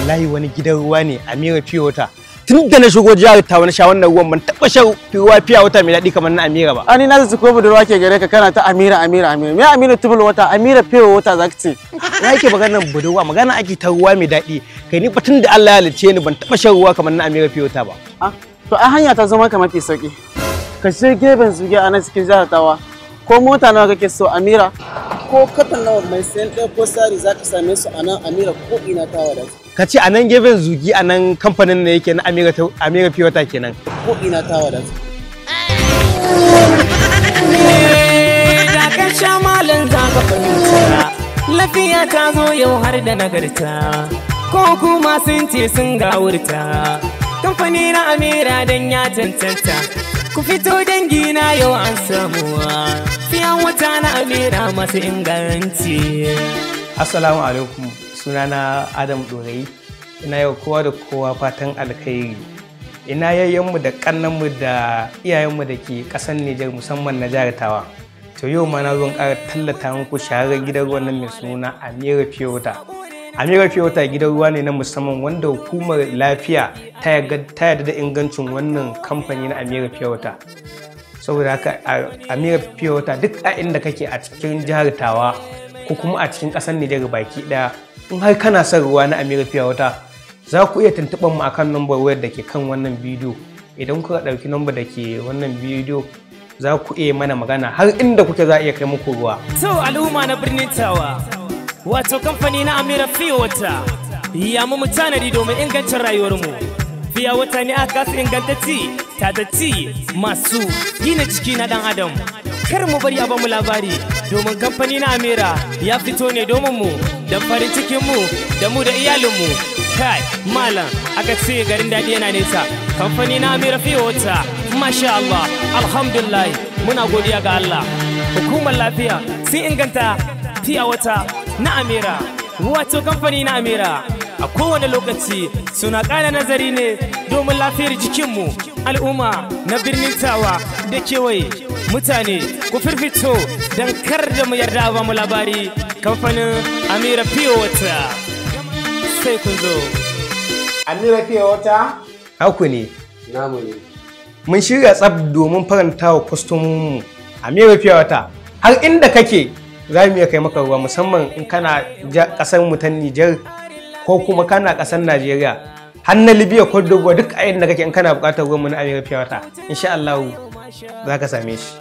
wallahi wani gidan ruwa ne amira fiye wata tun da na shigo jihar ta wani sha wannan ruwan ban taɓa shan ruwa fiye wata mai daɗi kamar na amira ba ani na zai ko budurwa ke gare ka kana ta amira amira amira me amira tubul wata amira fiye wata zaka ce na yake maganar budurwa magana ake ta ruwa mai daɗi kai ni fa tun da Allah ya halicce ni ban taɓa shan ruwa kamar na amira fiye wata ba ah, to a hanya ta zama kamar fi sauki ka je gefen zuge a nan cikin jihar tawa ko mota nawa kake so amira ko katan nawa mai sayan ɗaya ko sari zaka same su a nan amira ko ina ta wadatu ka ce a nan gefen zugi a nan kamfanin da yake na amira fiyota kenan ko ina ta eh, sha malam lafiya ta zo yau har da nagarta ko kuma sun ce sun gawurta kamfani na amira don ya tantanta ku fito dangi na yau an samuwa fiyan wata na amira masu inganci assalamu alaikum sunana adam dorayi ina yau kowa da kowa fatan alkhairi ina yayyanmu da kannanmu da iyayenmu da ke ƙasan nijar musamman na jihar tawa to yau ma na in ƙara tallata muku shaharar gidan ruwan nan mai suna amira fiyota amira fiyota gidan ruwa ne na musamman wanda hukumar lafiya ta yarda da ingancin wannan kamfani na amira fiyota saboda haka amira fiyota duk a inda kake a cikin jihar tawa ko kuma a cikin ƙasar nijar baki ɗaya in har kana son ruwa na Amira Fiya Wata za ku iya tuntuɓar mu akan nomba wayar da ke kan wannan bidiyo idan kuka ɗauki nomba da ke wannan bidiyo za ku iya mana magana har inda kuke za a iya kai muku ruwa. To al'umma na birnin Tawa wato kamfani na Amira Fiya Wata ya mu tanadi domin ingancin rayuwarmu. Fiya Wata ne aka kasa ingantacci tatacci masu gina ciki na dan adam. Kar mu bari a mu labari domin kamfani na Amira ya fito ne domin mu da farin cikin mu da mu da iyalinmu kai malam aka ce garin daɗi yana nesa kamfani na amira wata masha Allah alhamdulillah muna godiya ga Allah hukumar lafiya sun inganta wata na amira wato kamfani na amira a kowane lokaci suna ƙara nazari ne domin lafiyar jikinmu al'umma na birnin tawa da kewaye mutane ku firfito don kar da mu yarda ba mu labari kamfanin amira pure water sai kun zo amira pure water haku ne namu ne mun shirya tsab domin faranta wa kwastomominmu amira pure water har inda kake za mu iya kai maka ruwa musamman in kana kasar mu ta Nijar ko kuma kana kasar Najeriya har na Libya ko Dogo duk a inda kake in kana bukatar ruwan mu na amira pure water insha Allah za ka same shi